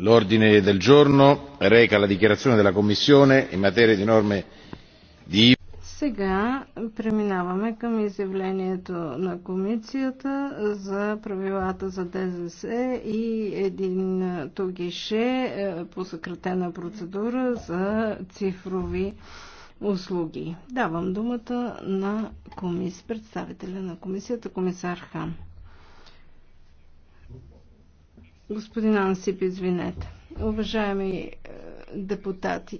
l'ordine del giorno reca la dichiarazione della commissione in materia di norme di сега преминаваме към изявлението на комисията за правилата за ДЗС и един гише е, по съкратена процедура за цифрови услуги. Давам думата на комис, представителя на комисията, комисар Хан. Господин Ансип, извинете. Уважаеми е, депутати,